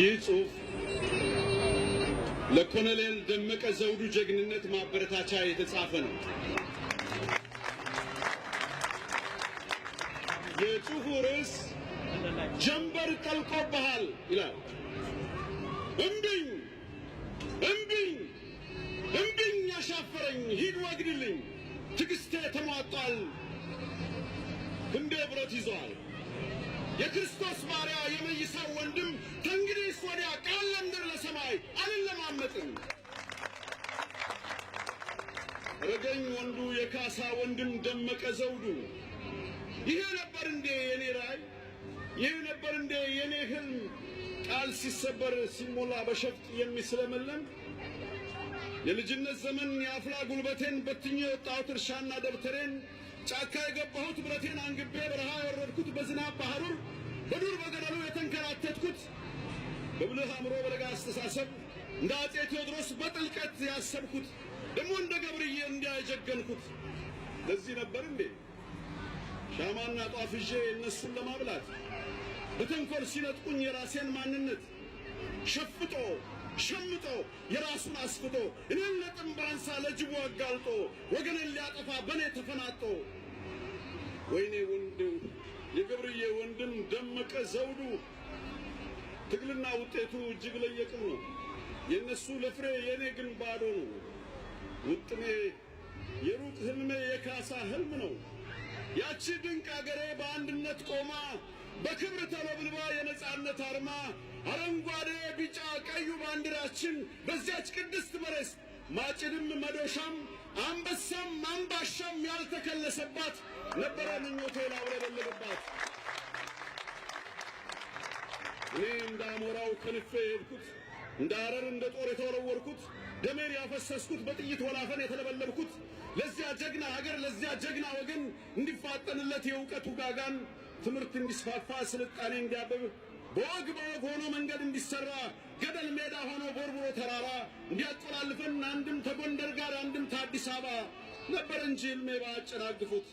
ይህ ጽሁፍ ለኮሎኔል ደመቀ ዘውዱ ጀግንነት ማበረታቻ የተጻፈ ነው። የጽሁፉ ርዕስ ጀንበር ጠልቆብሃል ይላል። እምቢኝ እምቢኝ እምቢኝ ያሻፈረኝ ሂድ ወግድልኝ ትግስቴ ተሟጧል፣ ክንዴ ብረት ይዟል። የክርስቶስ ባሪያ የመይሳው ወንድም ወዲያ ቃል ለምድር ለሰማይ አልለማመጥም። ረገኝ ወንዱ የካሳ ወንድም ደመቀ ዘውዱ። ይሄ ነበር እንዴ የኔ ራዕይ? ይህ ነበር እንዴ የኔ ህልም? ቃል ሲሰበር ሲሞላ በሸፍጥ የሚስለመለም የልጅነት ዘመን የአፍላ ጉልበቴን በትኜ የወጣሁት እርሻና ደብተሬን ጫካ የገባሁት ብረቴን አንግቤ በረሃ የወረድኩት በዝናብ ባህሩር በዱር በገደሉ የተንከራተ በብልህ አእምሮ፣ በለጋ አስተሳሰብ እንደ አጼ ቴዎድሮስ በጥልቀት ያሰብኩት ደግሞ እንደ ገብርዬ እንዲያጀገንኩት ለዚህ ነበር እንዴ ሻማና ጧፍ ይዤ እነሱን ለማብላት በተንኮል ሲነጥቁኝ የራሴን ማንነት ሸፍጦ ሸምጦ የራሱን አስፍቶ እኔን ለጥምብ አንሳ ለጅቡ አጋልጦ ወገንን ሊያጠፋ በእኔ ተፈናጦ ወይኔ ወንድ የገብርዬ ወንድም ደመቀ ዘውዱ ትግልና ውጤቱ እጅግ ለየቅል ነው። የእነሱ ለፍሬ የእኔ ግን ባዶ ነው። ውጥኔ የሩቅ ህልሜ የካሳ ህልም ነው። ያቺ ድንቅ አገሬ በአንድነት ቆማ በክብር ተለብልባ የነጻነት አርማ አረንጓዴ፣ ቢጫ፣ ቀዩ ባንዲራችን በዚያች ቅድስት መሬት ማጭድም መዶሻም አንበሳም አንባሻም ያልተከለሰባት ነበረ ምኞቴ ላውለበለበባት እኔ እንደ አሞራው ከልፌ የሄድኩት እንደ አረር እንደ ጦር የተወለወልኩት ደሜን ያፈሰስኩት በጥይት ወላፈን የተለበለብኩት ለዚያ ጀግና ሀገር ለዚያ ጀግና ወገን እንዲፋጠንለት የእውቀቱ ጋጋን ትምህርት እንዲስፋፋ ስልጣኔ እንዲያብብ በወግ በወግ ሆኖ መንገድ እንዲሰራ ገደል ሜዳ ሆኖ ቦርቡሮ ተራራ እንዲያጠላልፈን አንድም ተጎንደር ጋር አንድም ተአዲስ አበባ ነበር እንጂ ሕልሜ ባጨናግፉት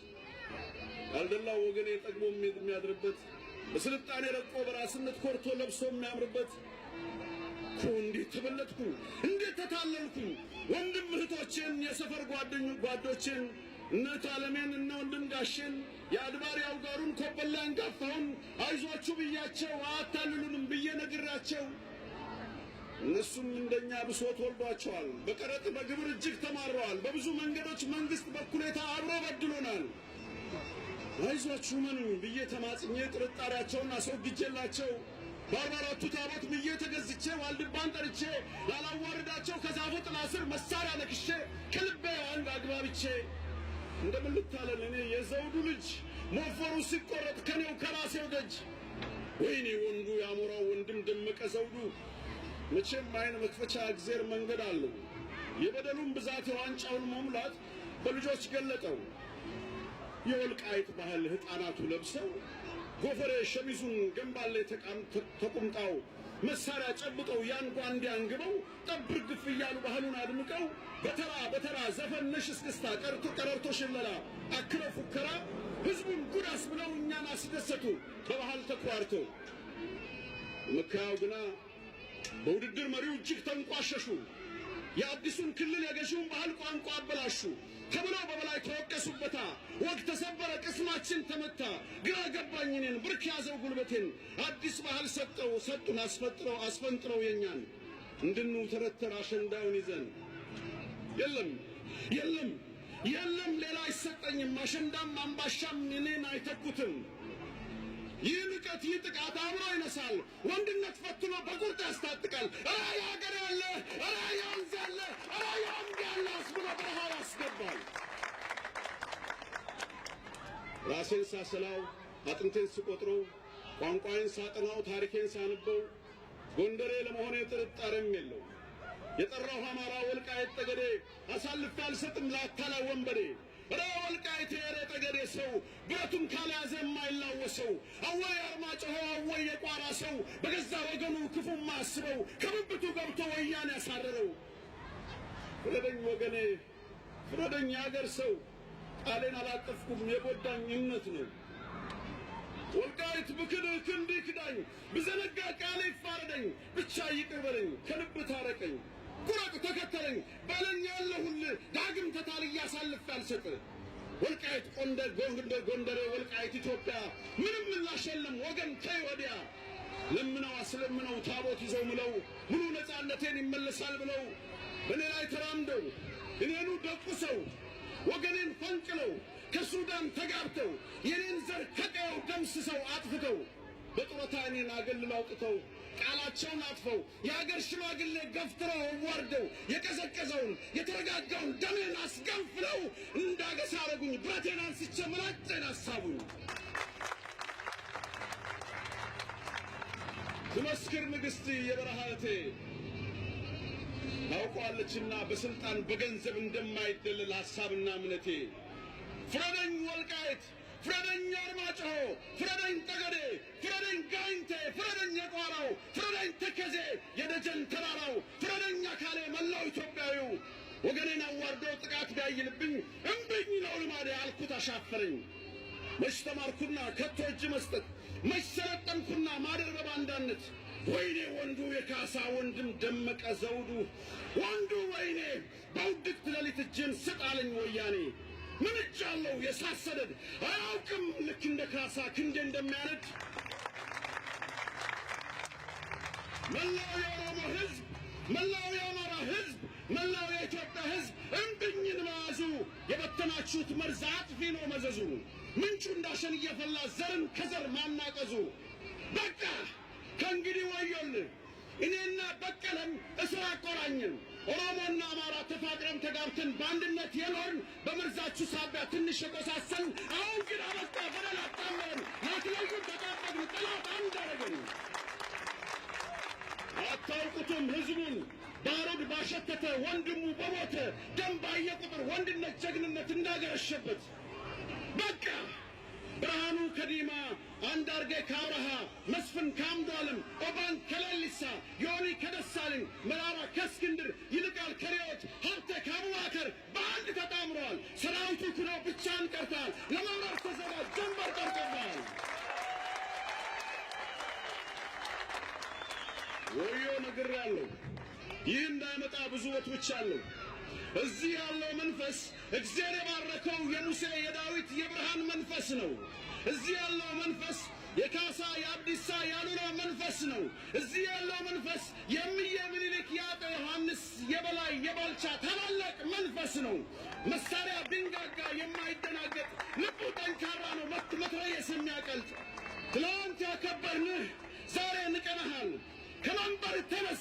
ያልደላው ወገኔ ጠግቦ የሚያድርበት በስልጣኔ ረቆ በራስነት ኮርቶ ለብሶ የሚያምርበት እንዴት ተበለጥኩ፣ እንዴት ተታለልኩ። ወንድም እህቶቼን፣ የሰፈር ጓዶቼን፣ እነት አለሜን እነ ወንድም ጋሼን፣ የአድባሪ አውጋሩን፣ ኮበላ አንጋፋውን አይዟችሁ ብያቸው አታልሉንም ብዬ ነግራቸው እነሱም እንደኛ ብሶት ወልዷቸዋል። በቀረጥ በግብር እጅግ ተማረዋል። በብዙ መንገዶች መንግስት በኩሌታ አብሮ በድሎናል። አይዟችሁ መኑ ብዬ ተማጽኜ ጥርጣሬያቸውን አስወግጄላቸው በአርባ አራቱ ታቦት ብዬ ተገዝቼ ዋልድባን ጠርቼ ላላዋርዳቸው ከዛፉ ጥላ ስር መሳሪያ ነክሼ ከልቤ አንድ አግባብቼ እንደምልታለን እኔ የዘውዱ ልጅ ሞፈሩ ሲቆረጥ ከኔው ከራሴው ደጅ ወይኔ ወንዱ የአሞራው ወንድም ደመቀ ዘውዱ መቼም አይን መክፈቻ እግዜር መንገድ አለው የበደሉን ብዛት የዋንጫውን መሙላት በልጆች ገለጠው የወልቃይት ባህል ህፃናቱ ለብሰው ጎፈሬ ሸሚዙን ገንባ ላይ ተቆምጣው መሳሪያ ጨብጠው ያንኳ እንዲያንግበው ጠብር ግፍ እያሉ ባህሉን አድምቀው በተራ በተራ ዘፈን ነሽ እስክስታ፣ ቀርቶ ቀረርቶ፣ ሽለላ፣ አክለው ፉከራ ህዝቡን ጉዳስ ብለው እኛን አስደሰቱ በባህል ተኳርተው። መከራው ግና በውድድር መሪው እጅግ ተንቋሸሹ። የአዲሱን ክልል የገዢውን ባህል ቋንቋ አበላሹ። ተብሎ በበላይ ተወቀሱበታ። ወግ ተሰበረ፣ ቅስማችን ተመታ። ግራ ገባኝንን ብርክ ያዘው ጉልበቴን። አዲስ ባህል ሰጠው ሰጡን አስፈጥረው አስፈንጥረው የኛን ተረተር አሸንዳውን ይዘን የለም የለም የለም ሌላ አይሰጠኝም። አሸንዳም አምባሻም እኔን አይተኩትም። ይህ ንቀት፣ ይህ ጥቃት አብሮ ይነሳል። ወንድነት ፈትኖ በቁርጥ ያስታጥቃል። ራያ ሀገር ያለ ራያ ወንዝ ያለ ራያ ወንድ ያለ አስብሎ በረሃ ያስገባል። ራሴን ሳስላው፣ አጥንቴን ስቆጥረው፣ ቋንቋዬን ሳጥናው፣ ታሪኬን ሳንበው ጎንደሬ ለመሆኔ ጥርጣሬም የለው። የጠራው አማራ ወልቃየት ጠገዴ አሳልፌ አልሰጥም ላታላ ወንበዴ ሰው ቤቱን ካልያዘ የማይላወሰው ሰው አወይ አርማጭሆ አወይ የቋራ ሰው በገዛ ወገኑ ክፉ ማስበው ከብብቱ ገብቶ ወያን ያሳረረው ፍረደኝ ወገኔ ፍረደኝ የአገር ሰው ቃሌን አላጠፍኩም የጎዳኝ እምነት ነው ወልቃይት ብክድ ክንድ ብዘነጋ ቃሌ ይፋረደኝ ብቻ ይቅር በለኝ ከልብ ታረቀኝ ቁረጥ ተከተለኝ በለኝ ያለሁል ዳግም ተታልያ አሳልፍ አልሰጥ ወልቃይት ጎንደር ጎንደር ጎንደሬ ወልቃይት ኢትዮጵያ ምንም ምላሽ የለም ወገን ተይ ወዲያ ለምነው አስለምነው ታቦት ይዘው ምለው ሙሉ ነፃነቴን ይመለሳል ብለው በእኔ ላይ ተራምደው እኔኑ ደቁሰው ወገኔን ፈንቅለው ከሱዳን ተጋብተው የኔን ዘር ከቀየው ደምስሰው አጥፍተው በጡረታ እኔን አገልለው አውጥተው ቃላቸውን አጥፈው የሀገር ሽማግሌ ገፍትረው አዋርደው የቀዘቀዘውን የተረጋጋውን ደሜን አስገንፍለው እንዳገሳ አረጉኝ። ብረቴን አንስቼ ምላጬን አሳቡኝ። ትመስክር ንግሥቲ የበረሃ እቴ ታውቋለችና በስልጣን በገንዘብ እንደማይደለል ሐሳብና እምነቴ ፍረደኝ ወልቃይት ፍረደኝ አርማጭሆ ጊዜ የደጀን ተራራው ፍረደኛ ካሌ መላው ኢትዮጵያዊው ወገኔን አዋርዶ ጥቃት ቢያይልብኝ እምብኝ ነው ልማዴ አልኩት አሻፈረኝ። መች ተማርኩና ከቶ እጅ መስጠት መች ሰለጠንኩና ማደር በባንዳነት ወይኔ ወንዱ የካሳ ወንድም ደመቀ ዘውዱ ወንዱ ወይኔ በውድቅት ሌሊት እጅን ስጣለኝ ወያኔ ምን እጃለሁ የሳሰደድ አያውቅም ልክ እንደ ካሳ ክንዴ እንደሚያነድ መላው የኦሮሞ ህዝብ፣ መላው የአማራ ህዝብ፣ መላው የኢትዮጵያ ህዝብ እምብኝን መያዙ የበተናችሁት መርዝ አጥፊ ነው መዘዙ ምንጩ እንዳሸን እየፈላ ዘርን ከዘር ማናቀዙ በቃ ከእንግዲህ ወዮልን። እኔና በቀለም እስር አቆራኝን ኦሮሞና አማራ ተፋቅረን ተጋብተን በአንድነት የኖርን በመርዛችሁ ሳቢያ ትንሽ የቆሳሰልን አሁን ግን አበቃ በደል አጣመረን ናትለዩን ተጣበቅን ጠላት አንድ አረገን። አጥፍቶም ህዝቡን ባሩድ ባሸተተ ወንድሙ በሞተ ደም ባየ ቁጥር ወንድነት፣ ጀግንነት እንዳገረሸበት በቃ ብርሃኑ ከዲማ፣ አንዳርጌ ከአብርሃ፣ መስፍን ከአምዷለም፣ ኦባን ከላሊሳ ዮኒ ከደሳለኝ፣ መራራ ከእስክንድር፣ ይልቃል ከሬዎች ሀብተ ከአቡባከር በአንድ ተጣምረዋል። ሰራዊቱ ኩነው ብቻን ቀርታል ለመምራት ተዘጋጅ ጀንበር ወዮ ነገር ያለው ይህ እንዳይመጣ ብዙ ወቶች አለው። እዚህ ያለው መንፈስ እግዚአብሔር የባረከው የሙሴ የዳዊት የብርሃን መንፈስ ነው። እዚህ ያለው መንፈስ የካሳ የአብዲሳ ያሉላ መንፈስ ነው። እዚህ ያለው መንፈስ የሚዬ ምኒልክ የአጠ ዮሐንስ የበላይ የባልቻ ታላላቅ መንፈስ ነው። መሳሪያ ቢንጋጋ የማይደናገጥ ልቡ ጠንካራ ነው፣ መትረየስ የሚያቀልጥ ትላንት ያከበርንህ ዛሬ እንቀናሃለን። k ı n a n barı tene